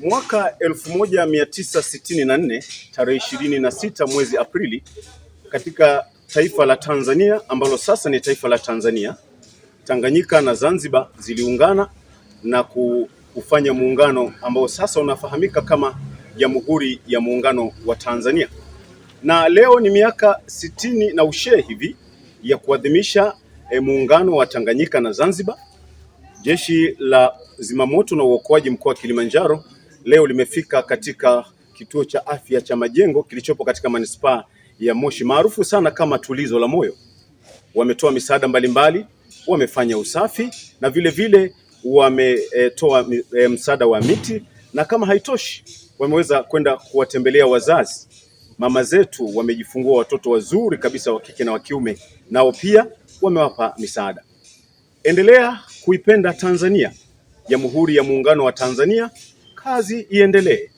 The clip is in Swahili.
Mwaka 1964 tarehe 26 mwezi Aprili, katika taifa la Tanzania ambalo sasa ni taifa la Tanzania, Tanganyika na Zanzibar ziliungana na kufanya muungano ambao sasa unafahamika kama Jamhuri ya Muungano wa Tanzania. Na leo ni miaka sitini na ushee hivi ya kuadhimisha e, muungano wa Tanganyika na Zanzibar. Jeshi la Zimamoto na Uokoaji mkoa wa Kilimanjaro leo limefika katika kituo cha afya cha Majengo kilichopo katika manispaa ya Moshi maarufu sana kama Tulizo la Moyo. Wametoa misaada mbalimbali, wamefanya usafi na vile vile wametoa e, msaada wa miti, na kama haitoshi, wameweza kwenda kuwatembelea wazazi, mama zetu wamejifungua watoto wazuri kabisa wa kike na wa kiume, nao pia wamewapa misaada. Endelea kuipenda Tanzania, Jamhuri ya Muungano wa Tanzania. kazi iendelee.